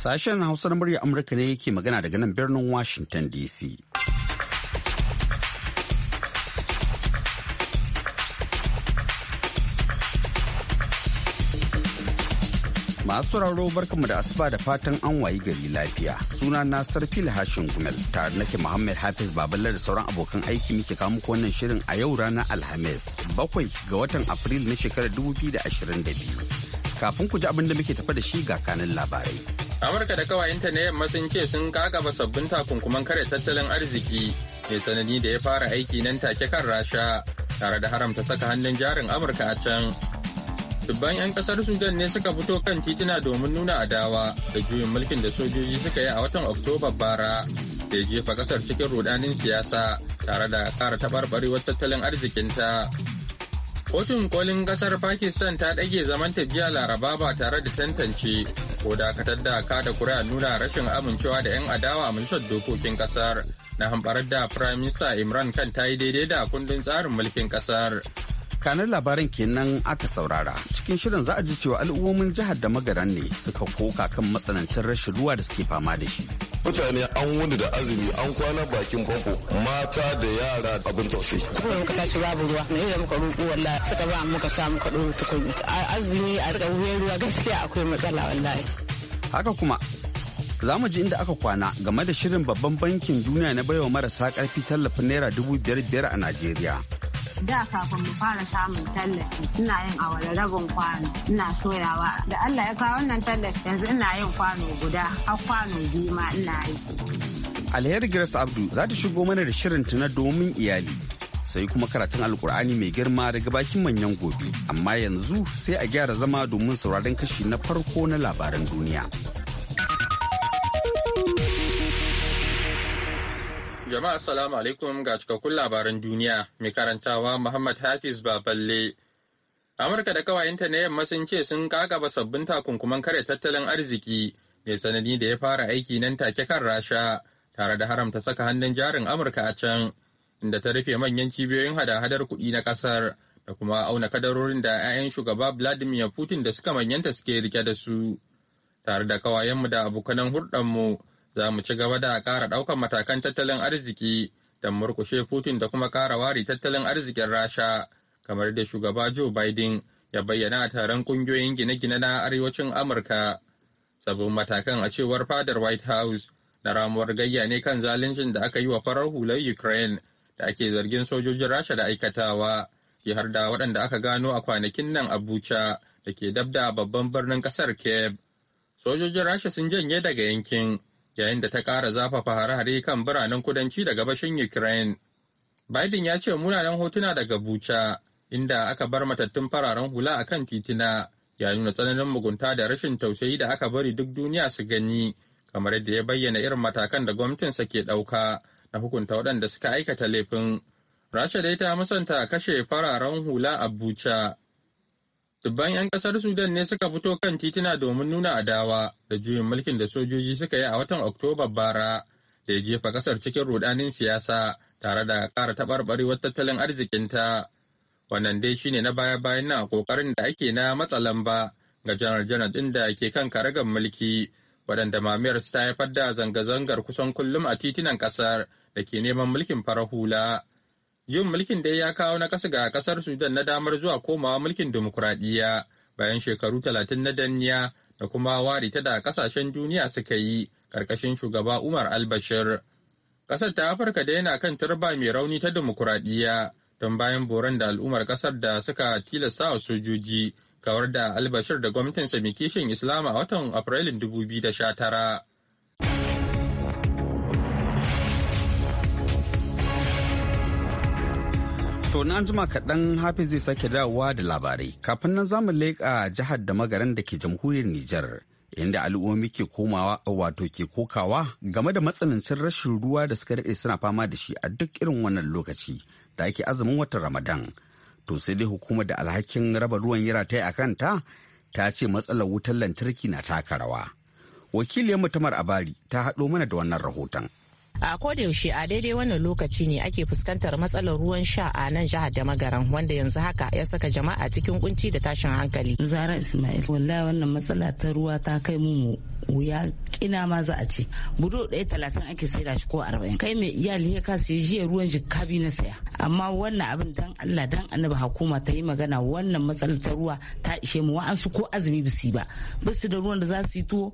Sashen Hausa na murya Amurka ne yake magana daga nan birnin Washington DC. Masu sauraro barkanmu da asuba da fatan an wayi gari lafiya. Suna na Sarfil Hashin Gumel tare nake Muhammad Hafiz Babalar da sauran abokan aiki muke kawo muku wannan shirin a yau ranar Alhamis, bakwai ga watan Afrilu na shekarar 2022. Kafin ku ji abin da muke tafa da shi ga kanin labarai. amurka da kawayenta na yamma sun ce sun kakaba sabbin takunkuman kare tattalin arziki mai tsanani da ya fara aiki nan take kan rasha tare da haramta saka hannun jarin amurka a can dubban 'yan kasar sudan ne suka fito kan titina domin nuna adawa da juyin mulkin da sojoji suka yi a watan oktoba bara da ya jefa kasar cikin rudanin siyasa tare da kara taɓarɓarewar tattalin arzikinta kotun kolin kasar pakistan ta ɗage zaman jiya laraba ba tare da tantance ko dakatar da kada kuri'a nuna rashin amincewa da 'yan adawa a majalisar dokokin kasar na hamɓarar da firayim imran kan ta yi daidai da kundin tsarin mulkin kasar kanar labaran kenan aka saurara cikin shirin za a ji cewa al'ummomin jihar da magaran ne suka koka kan matsanancin rashin ruwa da suke fama da shi mutane an wuni da azumi an kwana bakin famfo mata da yara abin tausayi kuma muka tashi babu ruwa na da muka roƙo wallahi suka ba muka sa muka ɗora tukunyi azumi a riƙa ruwa gaskiya akwai matsala wallahi haka kuma za mu ji inda aka kwana game da shirin babban bankin duniya na baiwa marasa karfi tallafin naira dubu biyar biyar a najeriya da kafin mu fara samun tallafi ina yin awara rabin kwano ina soyawa da Allah ya kawo wannan tallafi yanzu ina yin kwano guda har kwano biyu ma ina yi. Alheri Grace Abdu za ta shigo mana da shirin tuna domin iyali sai kuma karatun alkur'ani mai girma daga bakin manyan gobe amma yanzu sai a gyara zama domin sauraron kashi na farko na labaran duniya. Jama'a salamu alaikum ga cikakkun labaran duniya mai karantawa Muhammad Hafiz Baballe. Amurka da kawayenta na yamma sun ce sun kakaba sabbin takunkuman kare tattalin arziki mai sanadi da ya fara aiki nan take kan Rasha tare da haramta saka hannun jarin Amurka a can inda ta rufe manyan cibiyoyin hada-hadar kuɗi na ƙasar da kuma auna kadarorin da 'ya'yan shugaba Vladimir Putin da suka manyanta suke rike da su tare da kawayenmu da abokanan hurɗanmu mu za mu ci gaba da ƙara ɗaukar matakan tattalin arziki da murkushe Putin da kuma ƙara wari tattalin arzikin Rasha, kamar da shugaba Joe Biden ya bayyana a taron ƙungiyoyin gine-gine na arewacin Amurka. Sabon matakan a cewar fadar White House na ramuwar gayya ne kan zaluncin da aka yi wa farar hular Ukraine da ake zargin sojojin Rasha da aikatawa, ke har da waɗanda aka gano a kwanakin nan Abuja da ke dabda babban birnin ƙasar Kiev. Sojojin Rasha sun janye daga yankin yayin da ta ƙara zafafa hare-hare kan biranen kudanci da gabashin Ukraine. Biden ya ce munanan hotuna daga Bucha, inda aka bar matattun fararen hula a kan titina, ya nuna tsananin mugunta da rashin tausayi da aka bari duk duniya su gani, kamar yadda ya bayyana irin matakan da gwamnatinsa ke ɗauka na hukunta waɗanda suka aikata laifin. Rasha dai ta musanta kashe fararen hula a Bucha, dubban 'yan kasar Sudan ne suka fito kan tituna domin nuna adawa da juyin mulkin da sojoji suka yi a watan Oktoba bara da ya jefa kasar cikin rudanin siyasa tare da kara ƙara wata tattalin arzikinta. Wannan dai shine na baya-bayan na kokarin da ake na matsa lamba ga janar janar ɗin da ke kan karagar mulki waɗanda mamiyar ta haifar da zanga-zangar kusan kullum a titunan ƙasar da ke neman mulkin farahula. hula. Yin mulkin da ya kawo na ƙasa ga ƙasar Sudan na damar zuwa komawa mulkin demokuraɗiyya bayan shekaru talatin na danniya da kuma wari ta da ƙasashen duniya suka yi ƙarƙashin shugaba Umar albashir Ƙasar ta Afirka da yana kan turba mai rauni ta demokuraɗiyya don bayan boran da al'ummar ƙasar da suka tilasta wa sojoji kawar da albashir da gwamnatin samikishin islam a watan Afrilun dubu tara. To na jima kaɗan Hafiz zai sake dawowa da labarai. Kafin nan zamu leƙa jihar da magaran da ke jamhuriyar Nijar. Inda al'ummomi ke komawa wato ke kokawa game da matsanancin rashin ruwa da suka daɗe suna fama da shi a duk irin wannan lokaci da ake azumin watan Ramadan. To sai dai hukumar da alhakin raba ruwan yara ta yi a kanta ta ce matsalar wutar lantarki na taka rawa. Wakiliyar mutumar Abari ta haɗo mana da wannan rahoton. a koda yaushe a daidai wannan lokaci ne ake fuskantar matsalar ruwan sha a nan jihar da magaran wanda yanzu haka ya saka jama'a cikin kunci da tashin hankali zara ismail wallahi wannan matsala ta ruwa ta kai mu wuya kina ma za a ce budo ɗaya talatin ake saida shi ko arba'in kai mai iyali ya kasa ya jiya ruwan jikabi na saya amma wannan abin dan Allah dan annabi hukuma ta yi magana wannan matsalar ta ruwa ta ishe mu wa'ansu ko azumi bisi ba basu da ruwan da za su yi tuwo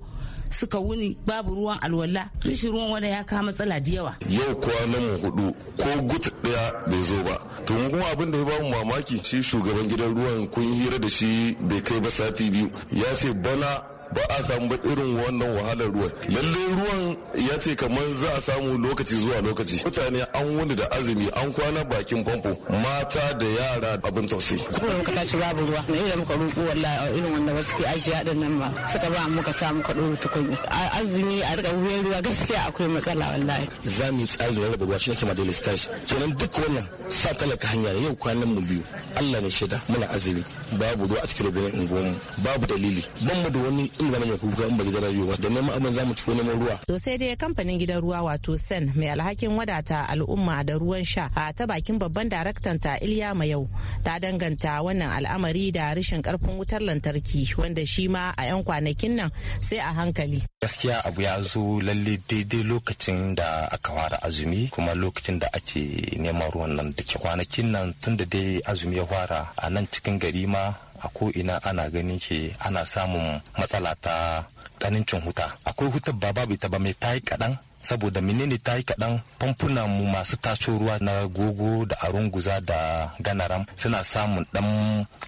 suka wuni babu ruwan alwala rashin ruwan wani ya kawo matsala da yawa yau kwanan mu hudu ko gut daya bai zo ba to kuma abin da ya bamu mamaki shi shugaban gidan ruwan kun hira da shi bai kai ba sati biyu ya ce bana ba a samu ba irin wannan wahalar ruwan lalle ruwan ya ce kamar za a samu lokaci zuwa lokaci mutane an wani da azumi an kwana bakin famfo mata da yara abin tausayi kuma muka tashi babu ruwa na irin muka roƙo wallahi irin wanda wasu ke ajiya din nan ba suka ba muka sa muka ɗora tukunya azumi a riƙa wuyan ruwa gaskiya akwai matsala wallahi za mu yi tsari da rarraba ruwa shi ne kama daily stash kenan duk wannan sa talaka hanya yau kwanan mu biyu Allah ne shaida muna azumi babu ruwa a cikin rubunan unguwanmu babu dalili ban mu da wani in zama mai kuka in ba gidan rayuwa da neman abin zamu ci ko neman ruwa to sai dai kamfanin gidan ruwa wato sen mai alhakin wadata al'umma da ruwan sha a ta bakin babban daraktan ta Iliya Mayau ta danganta wannan al'amari da rashin karfin wutar lantarki wanda shi ma a 'yan kwanakin nan sai a hankali gaskiya abu ya zo lalle daidai lokacin da aka fara azumi kuma lokacin da ake neman ruwan nan da ke kwanakin nan tun da dai azumi ya fara a nan cikin gari ma a ko ina ana ganin ke ana samun matsala ta ƙanancin huta akwai hutar ba babu ita ba mai yi kaɗan saboda menene ta yi kaɗan famfunan mu masu taso ruwa na gogo da arunguza da ganaram suna samun ɗan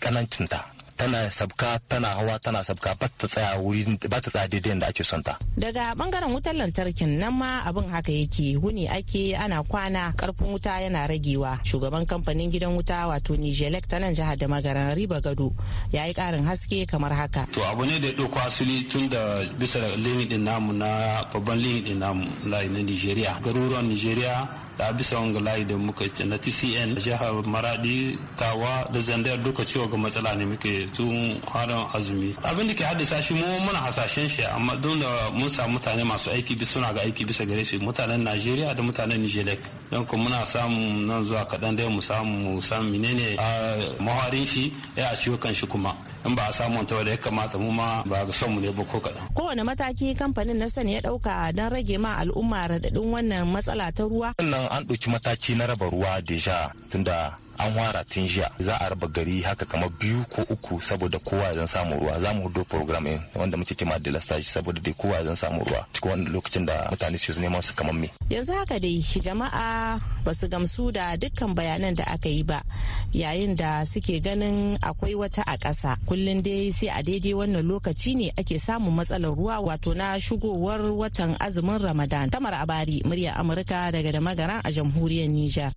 ƙanancinta tana sabka tana hawa tana sabka ba ta tsaya wuri ba ta tsaya daidai da ake son ta daga bangaren wutar lantarkin nan ma abin haka yake wuni ake ana kwana karfin wuta yana ragewa shugaban kamfanin gidan wuta wato nijelek ta nan jihar da magaran riba gado ya yi karin haske kamar haka to abu ne da ya ɗauko asali tun da bisa da lini din namu na babban lini din namu layi na nigeria garuruwan nigeria da bisa wanga layi da muka na tcn jihar maradi tawa da zanda duka cewa ga matsala ne muke tun harin azumi abin da ke haddasa shi mu muna hasashen shi amma don da mun samu mutane masu aiki bisa suna ga aiki bisa gare su mutanen najeriya da mutanen nijelek don kuma muna samu nan zuwa kaɗan dai mu samu mu san menene a ah, shi ya a ciwo kan shi kuma in ba a samu ta da ya kamata mu ma ba ga son mu ne ba ko kaɗan. Kowane mataki kamfanin na sani ya ɗauka don rage ma al'umma raɗaɗin wannan matsala ta ruwa. Sannan an ɗauki mataki na raba ruwa deja tunda an wara tun jiya za a raba gari haka kamar biyu ko uku saboda kowa zan samu ruwa za mu hudo program ɗin wanda muke kima da lasashi saboda dai kowa zan samu ruwa cikin wani lokacin da mutane su neman su kamar me. yanzu haka dai jama'a ba su gamsu da dukkan bayanan da aka yi ba yayin da suke ganin akwai wata a ƙasa kullum dai sai a daidai wannan lokaci ne ake samun matsalar ruwa wato na shigowar watan azumin ramadan tamar abari murya amurka daga da magara a jamhuriyar niger.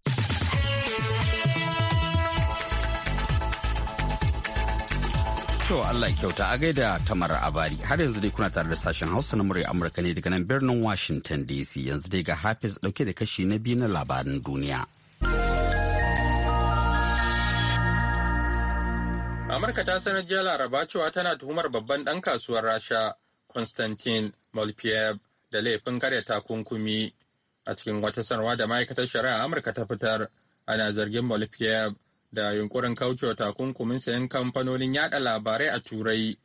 To Allah kyauta a gaida tamar abari har yanzu dai kuna tare da sashen hausa na murya Amurka ne daga nan birnin Washington DC yanzu dai ga Hafiz dauke da kashi na biyu na labarin duniya. Amurka ta sanar jiya laraba cewa tana tuhumar babban ɗan kasuwar Rasha Konstantin Molpiev da laifin karya takunkumi a cikin wata sanarwa da ma'aikatar shari'a Amurka ta fitar ana zargin Molpiev da yunkurin kaucewa takunkumin sayan kamfanonin yada labarai a turai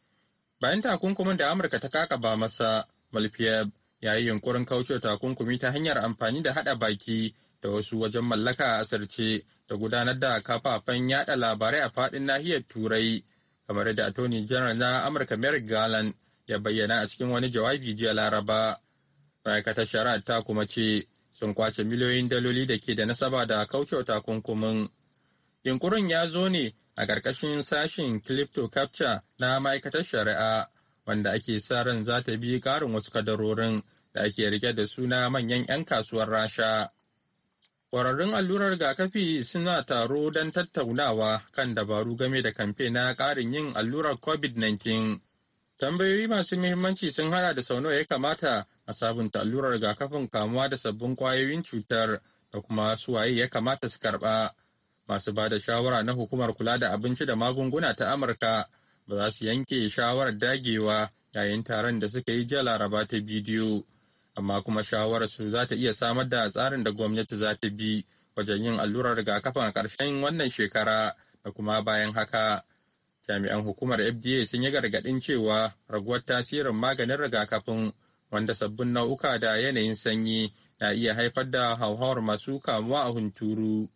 bayan takunkumin da amurka ta kaka ba masa malfiyab ya yi yunkurin kaucewa takunkumi ta hanyar amfani da hada baki da wasu wajen mallaka a asirce da gudanar da kafafen yada labarai a fadin nahiyar turai kamar da attorney general na amurka merrick garland ya bayyana a cikin wani jawabi jiya laraba ma'aikatar shari'a ta kuma ce sun kwace miliyoyin daloli da ke da nasaba da kaucewa takunkumin Yunkurin ya zo ne a ƙarƙashin sashen Crypto Capture na ma'aikatar shari'a, wanda ake sa ran za ta bi ƙarin wasu kadarorin da ake rike da suna manyan 'yan kasuwar Rasha. Ƙwararrun allurar rigakafi suna taro don tattaunawa kan dabaru game da kamfe na ƙarin yin allurar COVID-19. Tambayoyi masu muhimmanci sun hada da sau nawa ya kamata a sabunta allurar rigakafin kamuwa da sabbin kwayoyin cutar da kuma suwaye ya kamata su karɓa. masu ba da shawara na hukumar kula da abinci da magunguna ta amurka ba za su yanke shawarar dagewa yayin taron da suka yi jiya laraba ta bidiyo amma kuma shawarar su za ta iya samar da tsarin da gwamnati za ta bi wajen yin allurar rigakafin a ƙarshen wannan shekara da kuma bayan haka jami'an hukumar fda sun yi gargaɗin cewa raguwar tasirin maganin rigakafin wanda sabbin nau'uka da yanayin sanyi na iya haifar da hauhawar masu kamuwa a hunturu.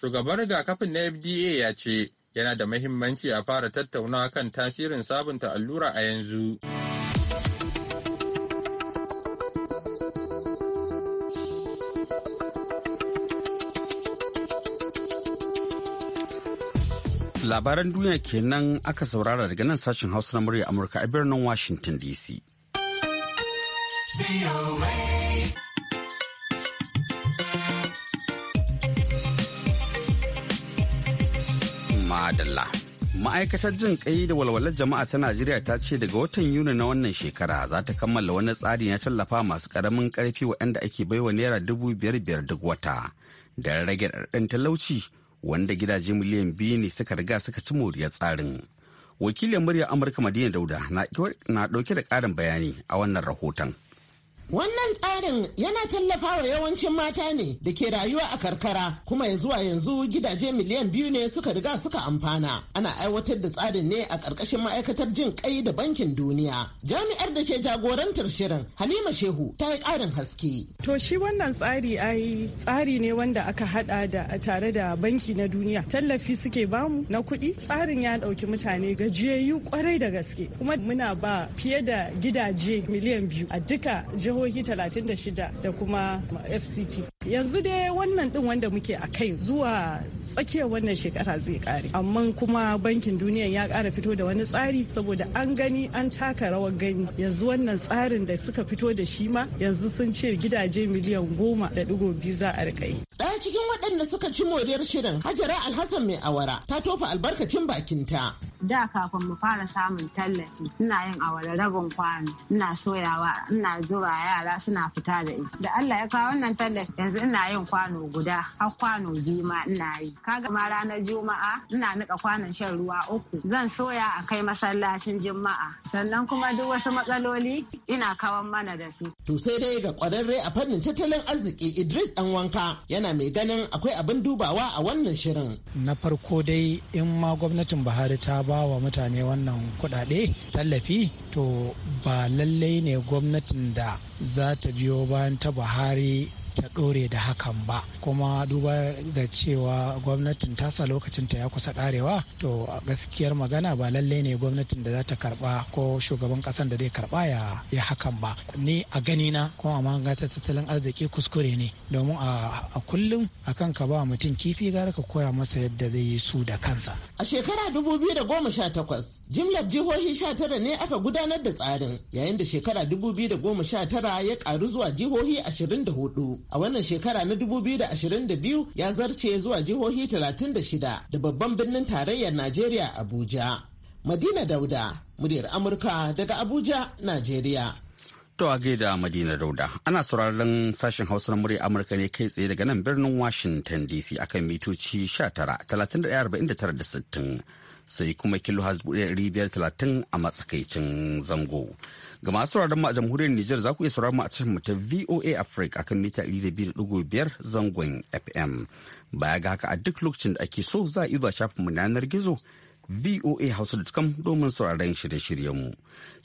Shugaban rigakafin na FDA ya ce yana da mahimmanci a fara tattaunawa kan tasirin sabunta allura a yanzu. Labaran duniya kenan aka saurara daga nan sashen Hausa na murya Amurka a birnin Washington DC. adalla. Ma'aikatar jin kai da walwalar jama'a ta Najeriya ta ce daga watan Yuni na wannan shekara za ta kammala wani tsari na tallafa masu karamin karfi waɗanda ake baiwa naira dubu biyar biyar duk wata da rage ɗarɗin talauci wanda gidaje miliyan biyu ne suka riga suka ci moriyar tsarin. Wakilin murya Amurka Madina Dauda na ɗauke da ƙarin bayani a wannan rahoton. Wannan tsarin yana tallafawa yawancin mata ne da ke rayuwa a karkara kuma ya zuwa yanzu gidaje miliyan biyu ne suka riga suka amfana. Ana aiwatar da tsarin ne a ƙarƙashin ma'aikatar jin ƙai da bankin duniya. Jami'ar da ke jagorantar shirin Halima Shehu ta yi ƙarin haske. To shi wannan tsari ai tsari ne wanda aka haɗa da a tare da banki na duniya. Tallafi suke bamu na kuɗi tsarin ya ɗauki mutane gajiyayyu kwarai da gaske kuma muna ba fiye da gidaje miliyan biyu a duka jihar jihohi 36 da kuma fct yanzu dai wannan din wanda muke a kai zuwa tsakiyar wannan shekara zai kare amma kuma bankin duniya ya kara fito da wani tsari saboda an gani an taka rawar gani yanzu wannan tsarin da suka fito da shi ma yanzu sun ce gidaje miliyan goma da digo biyu za a rikai daya cikin waɗanda suka ci moriyar shirin hajara alhassan mai awara ta tofa albarkacin bakin ta da kafin mu fara samun tallafi suna yin awara rabin kwano ina soyawa ina zuba yara suna fita da ita da Allah ya kawo wannan tallafi yanzu ina yin kwano guda har kwano biyu ma ina yi kaga ma ranar juma'a ina nika kwanon shan ruwa uku zan soya a kai masallacin juma'a sannan kuma duk wasu matsaloli ina kawan mana da su to sai dai ga kwararre a fannin tattalin arziki Idris dan wanka yana mai ganin akwai abin dubawa a wannan shirin na farko dai in ma gwamnatin Buhari ta ba wa mutane wannan kuɗaɗe tallafi to ba lallai ne gwamnatin da za ta biyo bayan ta buhari ta ɗore da hakan ba kuma duba da cewa gwamnatin tasa lokacinta ya kusa karewa to gaskiyar magana ba lalle ne gwamnatin da za ta karɓa ko shugaban ƙasan da zai karɓa ya ya hakan ba ni a gani na kuma amma ga tattalin arziki kuskure ne domin a kullum a kan ka ba mutum kifi gara ka koya masa yadda zai yi su da kansa a shekara 2018 jimlar jihohi 19 ne aka gudanar da tsarin yayin da shekara 2019 ya karu zuwa jihohi ashirin da hudu. a wannan shekara na 2022 ya zarce zuwa jihohi 36 da babban birnin tarayyar Najeriya Abuja. Madina Dauda, muryar Amurka daga Abuja, Najeriya. To a gaida Madina Dauda, ana sauraron sashen Hausa na muryar Amurka ne kai tsaye daga nan birnin Washington DC akan mitoci 19, sittin sai kuma kilo 530 a matsakaicin zango. Ga masu sauraron mu a jamhuriyar Nijar za ku iya sauraron mu a cikin mu ta VOA Africa akan mita 200.5 zangon FM. Baya ga haka a duk lokacin da ake so za a iya shafin mu yanar gizo voa hausa voahausa.com domin sauraron shirye-shiryen mu.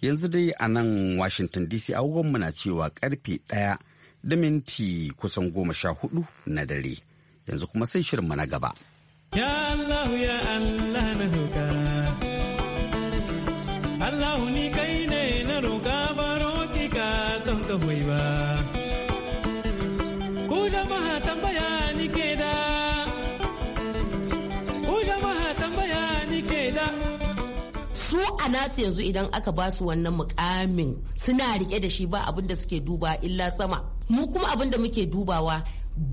Yanzu dai a nan Washington DC agogon mu na cewa karfe ɗaya da minti kusan goma sha hudu na dare. Yanzu kuma sai shirin mu na gaba. Ya su yanzu idan aka ba su wannan mukamin suna rike da shi ba abin da suke duba illa sama mu kuma abin da muke dubawa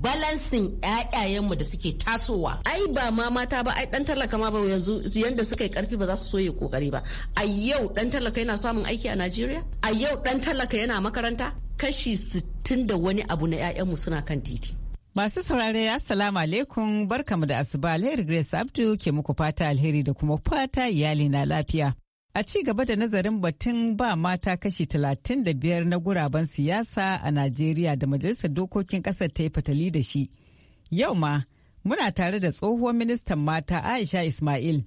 balansin ƴaƴayenmu da suke tasowa ai ba ma mata ba ai dan talaka ma ba yanzu yanda suka yi karfi ba za su so yi kokari ba a yau dan talaka yana samun aiki a Najeriya a yau dan talaka yana makaranta kashi 60 da wani abu na mu suna kan titi Masu saurare Assalamu alaikum barkamu da asuba Alheri Grace Abdu ke muku fata alheri da kuma fata iyali na lafiya. A ci gaba da nazarin batun ba mata kashi 35 na guraben siyasa a Najeriya da Majalisar Dokokin Ƙasar ta yi fatali da shi. Yau ma, muna tare da tsohuwar ministan mata Aisha Ismail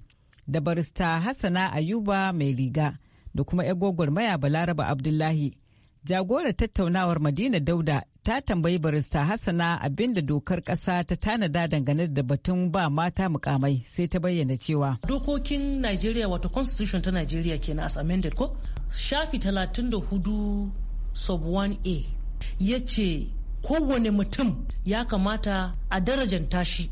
da barista Hassana Ayuba mai riga da kuma 'yan gwagwarmaya Balaraba Abdullahi. Jagorar tattaunawar Madina Dauda ta tambayi barista Hassana abinda dokar ƙasa ta tanada dangane da batun ba mata mukamai sai ta bayyana cewa. Dokokin Nigeria wato Constitution ta Nigeria kenan as amended ko? Shafi 34 sub 1A ya ce kowane mutum ya kamata a darajanta tashi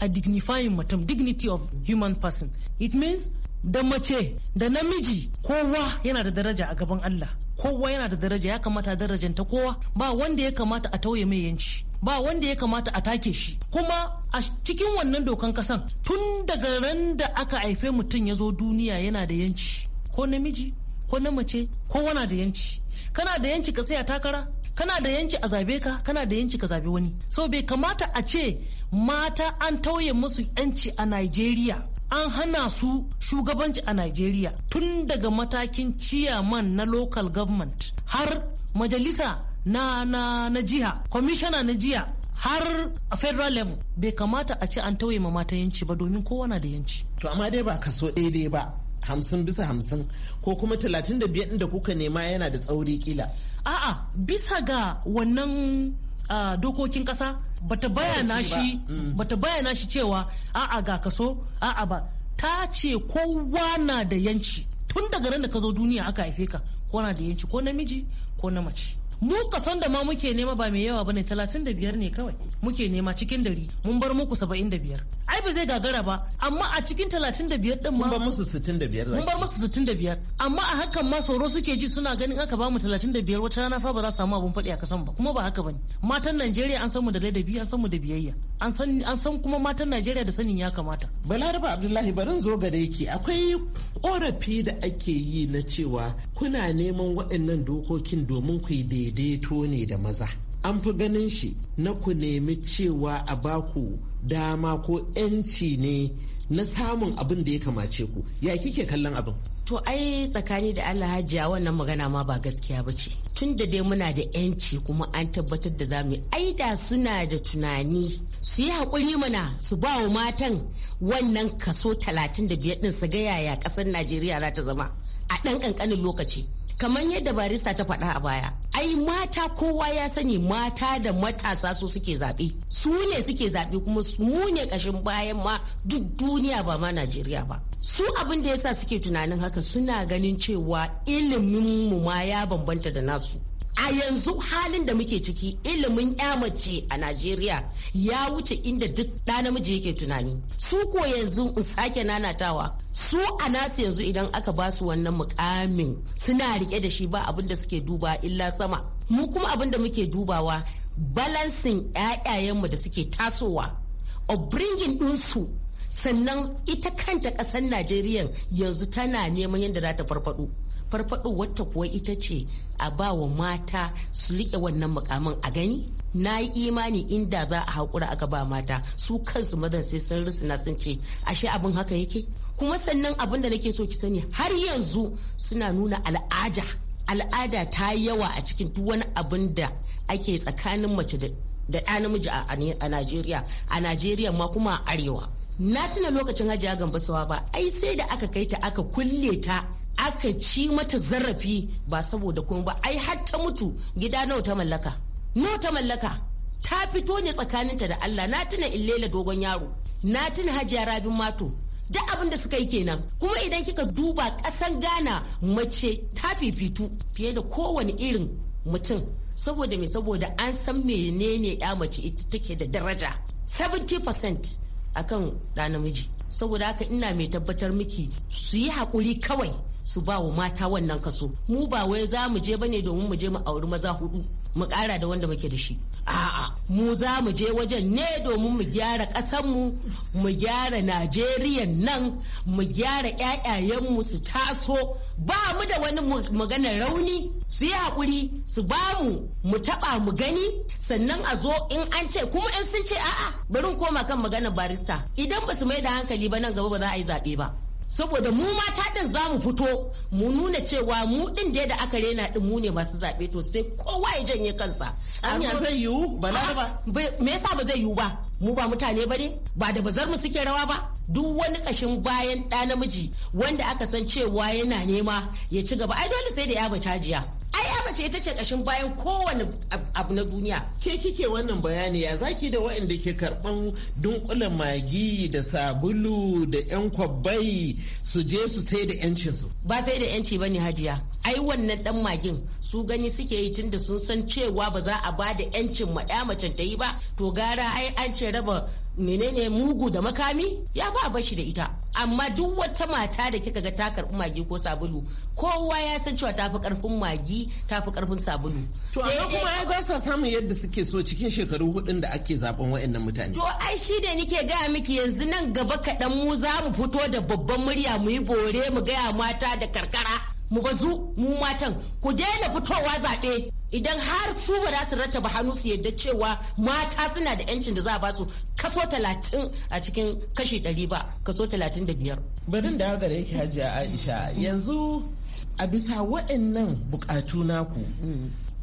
a dignifying mutum dignity of human person. It means da mace da namiji kowa yana da daraja a gaban Allah. kowa yana da daraja ya kamata darajan ta kowa ba wanda ya kamata a tauye mai yanci ba wanda ya kamata a take shi kuma a cikin wannan dokan kasan tun daga ran da aka haife mutum ya zo duniya yana da yanci ko namiji ko na mace ko wana da yanci kana da yanci ka tsaya takara kana da yanci a zabe ka kana da yanci ka zabe wani so bai kamata a ce mata an tauye musu yanci a Najeriya an hana su shugabanci a Najeriya tun daga matakin ciyaman na local government har majalisa na na na jiha kwamishana na jiha har a federal level bai kamata a ce an tauye ma mata yanci ba domin kowa na da yanci to amma dai ba kaso daidai ba hamsin bisa hamsin ko kuma talatin da biyar da kuka nema yana da tsauri kila a'a bisa ga wannan dokokin kasa bata bayana shi mm. shi cewa a'a ga kaso a'a ba ta ce kowa na da yanci tun daga ran da ka zo duniya aka haife ka ko na da yanci ko namiji ko na mace mu kason da ma muke nema ba mai yawa bane 35 ne kawai muke nema cikin dari mun bar muku 75 ai ba zai gagara ba amma a cikin 35 din ma mun bar musu 65 mun bar musu amma a hakan ma sauro suke ji suna ganin aka ba mu 35 wata rana fa ba za su samu abun faɗi a kasan ba kuma ba haka bane matan Najeriya an san mu da ladabi an san mu da biyayya an san an san kuma matan Najeriya da sanin ya kamata Balaraba Abdullahi barin zo ga yake akwai korafi da ake yi na cewa kuna neman waɗannan dokokin domin ku yi daidaito ne da maza an fi ganin shi na ku nemi cewa a baku dama ko 'yanci ne na samun abin da ya kamace ku ya kike kallon abin to ai tsakani da allah hajiya wannan magana ma ba gaskiya ba ce tun da dai muna da yanci kuma an tabbatar da za mu ai da suna da tunani su yi haƙuri mana su ba wa matan wannan kaso talatin da biyar ɗin su ga yaya ƙasar najeriya za ta zama a ɗan ƙanƙanin lokaci kamar yadda barista ta faɗa a baya ai mata kowa ya sani mata da matasa su suke zaɓe su ne suke zaɓe kuma mu ne ƙashin bayan ma duk duniya ba ma najeriya ba su abin da yasa suke tunanin haka suna ganin cewa ilimin mu ma ya bambanta da nasu a yanzu halin da muke ciki ilimin ya mace a najeriya ya wuce inda duk ɗa namiji yake tunani su ko yanzu in sake nanatawa su a nasu yanzu idan aka ba su wannan mukamin suna rike da shi ba abin da suke duba illa sama mu kuma abin da muke dubawa balansin yayayenmu da suke tasowa obringin su sannan ita kanta ƙasar najeriya yanzu tana neman yadda za ta farfado farfado wata kuwa ita ce a ba wa mata su riƙe wannan mukamin a gani na yi imani inda za a haƙura aka ba mata su kansu madan sai sun rusuna sun ce ashe abin haka yake kuma sannan abin da nake so ki sani har yanzu suna nuna al'ada al'ada ta yawa a cikin duk wani abin da ake tsakanin mace da ɗa namiji a Najeriya a Najeriya ma kuma a arewa na tuna lokacin hajiya gamba sawa ba ai sai da aka kai ta aka kulle ta aka ci mata zarafi ba saboda kuma ba ai har ta mutu gida nawa ta mallaka nawa ta mallaka ta fito ne tsakaninta da Allah na tuna illela dogon yaro na tuna hajiya rabin mato duk abin da suka yi kenan kuma idan kika duba ƙasan ghana mace ta fifitu fiye da kowane irin mutum saboda me saboda an san menene ya mace ita take da daraja 70% akan da namiji saboda haka ina mai tabbatar miki su yi haƙuri kawai su ba wa mata wannan kaso mu ba wai za mu je bane domin mu je mu auri maza hudu mu kara da wanda muke da shi a'a mu za mu je wajen ne domin mu gyara ƙasanmu mu gyara najeriya nan mu gyara ƴaƴayenmu su taso ba mu da wani maganar rauni su yi haƙuri su ba mu mu taɓa mu gani sannan a zo in an ce kuma in sun ce a'a bari koma kan maganar barista idan ba su mai da hankali ba nan gaba ba za a yi zaɓe ba saboda mu mata din za mu fito mu nuna cewa mu din da aka rena din mu ne masu zaɓe to sai kowa ya janye kansa anya zai yiwu ba ba me yasa ba zai yiwu ba mu ba mutane ba ne ba da bazar mu suke rawa ba duk wani kashin bayan ɗa namiji wanda aka san cewa yana nema ya ci gaba ai dole sai da ya jiya ai ya mace ita ce kashin bayan kowane abu na duniya ke kike wannan bayani ya zaki da waɗanda ke karɓan dunƙulen magi da sabulu da yan kwabbai su je su sai da yancin su ba sai da yanci bane hajiya ai wannan dan magin su gani suke yi tunda sun san cewa ba za a ba da yancin maɗa macen ta yi ba to gara ai an ce raba menene mugu da makami ya ba bashi da ita amma duk wata mata da kika ga ta karbi magi ko sabulu kowa ya san cewa tafi karfin magi tafi karfin sabulu to amma kuma ai ba sa samun yadda suke so cikin shekaru hudun da ake zaben wayannan mutane to ai shi da nike ga miki yanzu nan gaba kaɗan mu za mu fito da babban murya mu yi bore mu gaya mata da karkara mu bazu mu matan ku daina fitowa zaɓe idan har su ba za su ba hannu su yadda cewa mata suna da yancin da za a basu kaso talatin a cikin kashi dari ba kaso talatin da biyar. barin da haka da yake aisha yanzu a bisa waɗannan buƙatu naku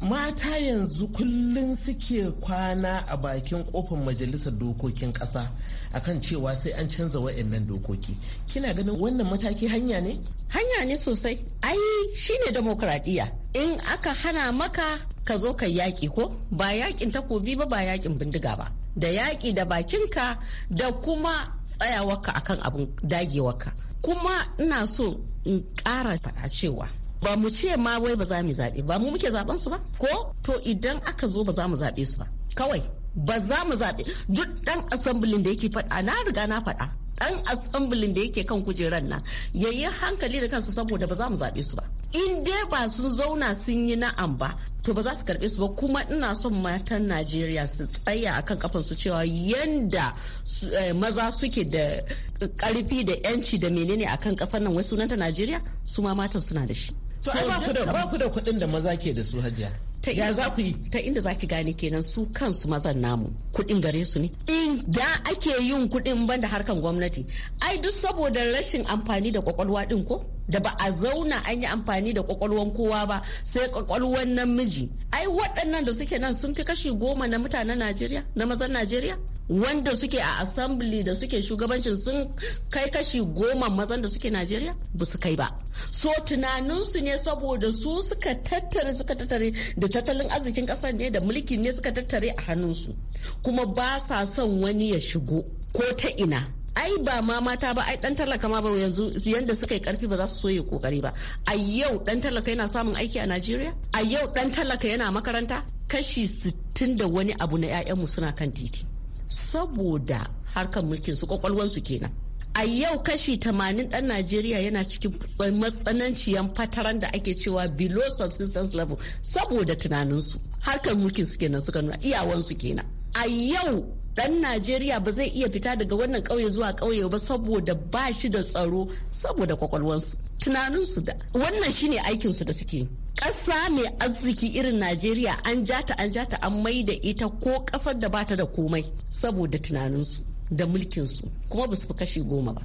mata yanzu kullum suke kwana a bakin kofar majalisar dokokin ƙasa akan cewa sai an canza waɗannan dokoki kina ganin wannan mataki hanya ne hanya ne sosai ai shine demokradiyya in aka hana maka ka zo ka yaƙi ko ba yaƙin takobi ba ba yaƙin bindiga ba da yaƙi da bakinka da kuma tsayawarka akan abin dagewarka kuma ina so in ƙara faɗa cewa ba mu ce ma wai ba za mu zaɓe ba mu muke zaɓen su ba ko to idan aka zo ba za mu zaɓe su ba kawai ba za mu zaɓe duk ɗan asambilin da yake faɗa na riga na faɗa dan assemblin da yake kan kujeran nan ya yi hankali da kansu saboda ba za mu zaɓe su ba in dai ba sun zauna sun yi na'am ba to ba za su karɓe su ba kuma ina son matan najeriya su tsaya akan kafan su cewa yanda eh, maza suke da ƙarfi da yanci da menene a kan ƙasar nan wai sunanta najeriya su ma matan suna da shi ba ku da kuɗin da maza ke da su hajiya ta inda za ki gane kenan su kansu mazan namu kuɗin gare su ne in da ake yin kuɗin da harkan gwamnati ai duk saboda rashin amfani da kwakwalwa din ko da ba a zauna an yi amfani da kwakwalwan kowa ba sai kwakwalwan namiji ai waɗannan da suke nan sun fi kashi goma na mutanen najeriya na mazan najeriya wanda suke a assembly da suke shugabancin sun kai kashi goma mazan da suke najeriya ba su kai ba so tunaninsu ne saboda su suka tattare suka tattare da tattalin arzikin kasar ne da mulki ne suka tattare a hannunsu kuma ba sa son wani ya shigo ko ta ina ai ba ma mata ba ai dan talaka ma ba yanzu yanda suka yi karfi ba za su so yi kokari ba a yau dan talaka yana samun aiki a Najeriya a yau dan talaka yana makaranta kashi sittin da wani abu na 'ya'yanmu suna kan titi saboda harkar mulkin su kwakwalwansu kenan a yau kashi 80 dan najeriya yana cikin matsananciyan fataran da ake cewa below subsistence level saboda tunaninsu harkar mulkin su kenan suka nuna iyawansu kenan a yau dan najeriya ba zai iya fita daga wannan ƙauye zuwa ƙauye ba saboda ba shi da tsaro saboda kwakwalwansu tunaninsu da wannan shine su da suke ƙasa mai arziki irin najeriya an jata an jata an mai da ita ko ƙasar da bata da komai saboda tunaninsu da mulkinsu kuma ba su fi kashe goma ba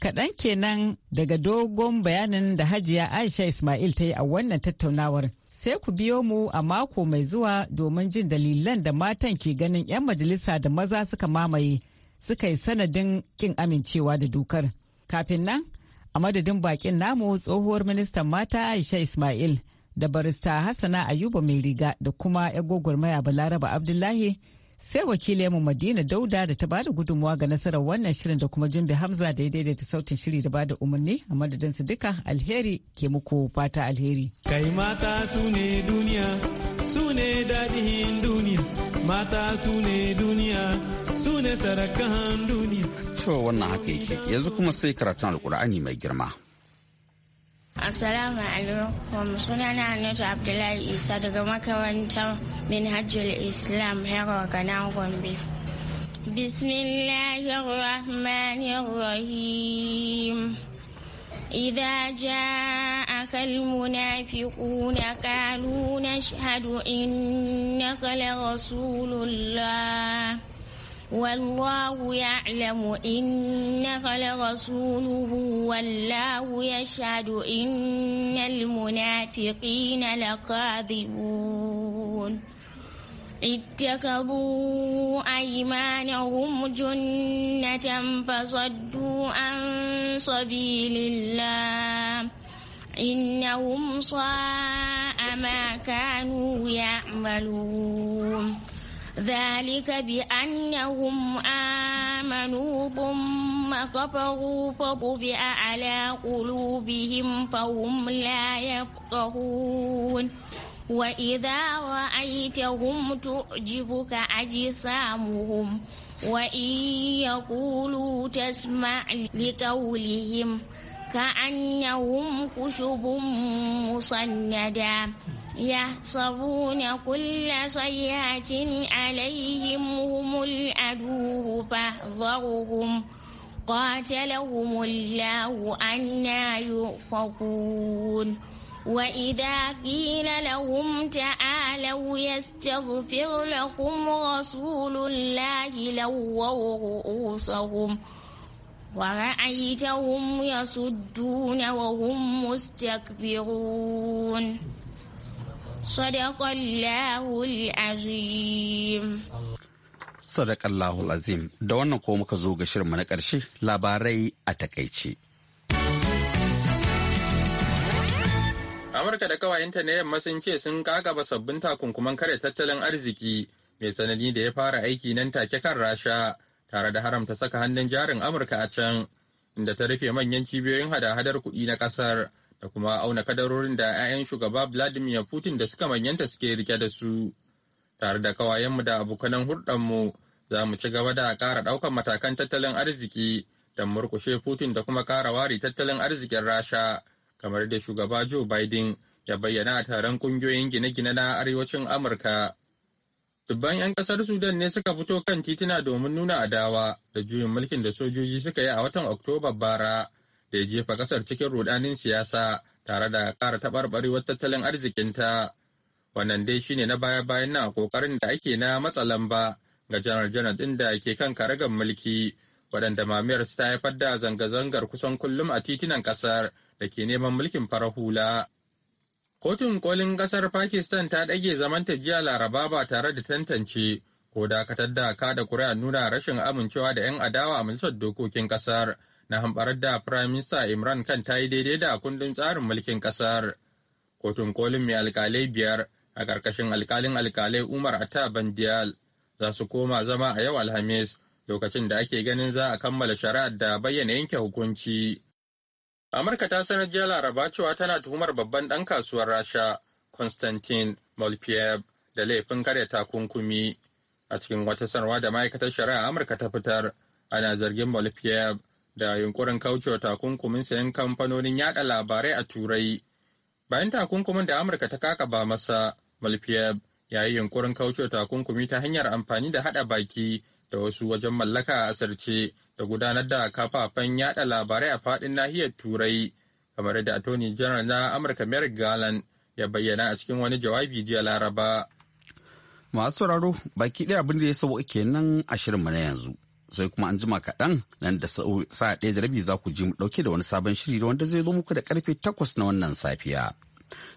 kaɗan kenan daga dogon bayanin da hajiya aisha ismail ta yi a wannan tattaunawar sai ku biyo mu a mako mai zuwa domin jin dalilan da matan ke ganin 'yan majalisa da maza suka mamaye suka yi sanadin kin amincewa da dokar kafin nan a madadin bakin namu tsohuwar ministan mata aisha ismail da barista Hassana Ayuba mai riga da kuma 'yan maya Balaraba Abdullahi sai wakilinmu Madina Dauda da ta bada gudunmuwa ga nasarar wannan shirin da kuma Jumbe Hamza da ya daidaita sautin shiri da bada umarni a madadin su duka alheri ke muku fata alheri. Kai mata su ne duniya, su ne daɗin duniya, mata su ne duniya, su ne sarakan duniya. To wannan haka yake yanzu kuma sai karatun alkur'ani mai girma. Assalamu alaikum sunana Hannatu Abdullahi Isa daga makarantar Minhajul Islam Hero Gana Gombe. Bismillahirrahmanirrahim. إذا جاءك na قالوا in na لرسول Rasulullah. والله يعلم إنك لرسوله والله يشهد إن المنافقين لكاذبون اتخذوا أيمانهم جنة فصدوا عن سبيل الله إنهم صاء ما كانوا يعملون ذلك بأنهم آمنوا ثم كفروا فطبع على قلوبهم فهم لا يفقهون وإذا رأيتهم تعجبك أجسامهم وإن يقولوا تسمع لقولهم كأنهم خشب مسندا يحسبون كل صيحة عليهم هم العدو فاحذرهم قاتلهم الله أنا يؤفكون وإذا قيل لهم تعالوا يستغفر لكم رسول الله لووا رؤوسهم ورأيتهم يصدون وهم مستكبرون Sadaqallahul azim. Da wannan ko muka zo ga shirinmu na ƙarshe labarai a takaice. Amurka da kawayenta na yamma sun ce sun kakaba sabbin takunkuman kare tattalin arziki mai tsanani da ya fara aiki nan take kan rasha tare da haramta saka hannun jarin Amurka a can inda ta rufe manyan cibiyoyin hada-hadar kuɗi na ƙasar. da kuma auna kadarorin da 'ya'yan shugaba Vladimir Putin da suka manyanta suke rike da su. Tare da kawayenmu da abokanan hurɗanmu za mu ci gaba da kara ɗaukar matakan tattalin arziki da murkushe Putin da kuma kara wari tattalin arzikin Rasha, kamar da shugaba Joe Biden ya bayyana a taron ƙungiyoyin gine-gine na arewacin Amurka. Dubban 'yan kasar Sudan ne suka fito kan tituna domin nuna adawa da juyin mulkin da sojoji suka yi a watan Oktoba bara. da ya jefa kasar cikin rudanin siyasa tare da kara taɓarɓarewar tattalin arzikinta. Wannan dai shine na baya-bayan na a ƙoƙarin da ake na matsa lamba ga janar-janar ɗin da ke kan karagar mulki, waɗanda mamiyar ta haifar da zanga-zangar kusan kullum a titunan ƙasar da ke neman mulkin farahula. hula. Kotun kolin ƙasar Pakistan ta ɗage zamanta jiya Laraba ba tare da tantance ko dakatar da kada kuri'a nuna rashin amincewa da 'yan adawa a majalisar dokokin ƙasar. na hamɓarar da firaminista Imran kan ta yi daidai da kundin tsarin mulkin ƙasar. Kotun kolin mai alkalai biyar a ƙarƙashin alkalin alkalai Umar Atta Bandiyal za su koma zama a yau Alhamis lokacin da ake ganin za a kammala shari'ar da bayyana yanke hukunci. Amurka ta sanar jiya Laraba cewa tana tuhumar babban ɗan kasuwar Rasha, Konstantin Molpiev, da laifin karya takunkumi. A cikin wata sanarwa da ma'aikatar shari'a Amurka ta fitar, ana zargin Molpiev da yunkurin kaucewa takunkumin sayan kamfanonin yada labarai a turai bayan takunkumin da amurka ta kaka ba masa malfiyab ya yi yunkurin kaucewa takunkumi ta hanyar amfani da hada baki da wasu wajen mallaka a asirce da gudanar da kafafen yada labarai a fadin nahiyar turai kamar da attorney general na amurka merrick garland ya bayyana a cikin wani jawabi jiya laraba masu sauraro baki ɗaya abin da ya sauwa nan a shirinmu na yanzu sai kuma an jima kaɗan nan da sa'a ɗaya da rabi za ku ji mu ɗauke da wani sabon shiri da wanda zai zo muku da karfe takwas na wannan safiya.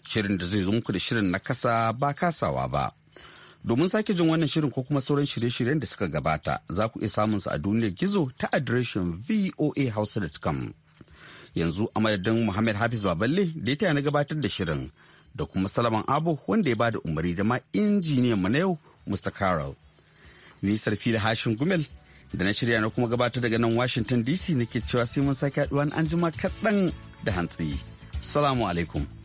Shirin da zai zo muku da shirin na kasa ba kasawa ba. Domin sake jin wannan shirin ko kuma sauran shirye-shiryen da suka gabata za ku iya samun su a duniyar gizo ta adireshin voahouse.com. Yanzu a madadin Muhammad Hafiz Baballe da ya taya na gabatar da shirin da kuma Salaman Abu wanda ya bada umarni da ma injiniyan mu na yau Mr. Carol. Ni Sarfila Hashin Gumel da na shirya na kuma gabatar daga nan Washington DC nake cewa sai mun sake haduwa an jima kaɗan da hantsi. Salamu alaikum.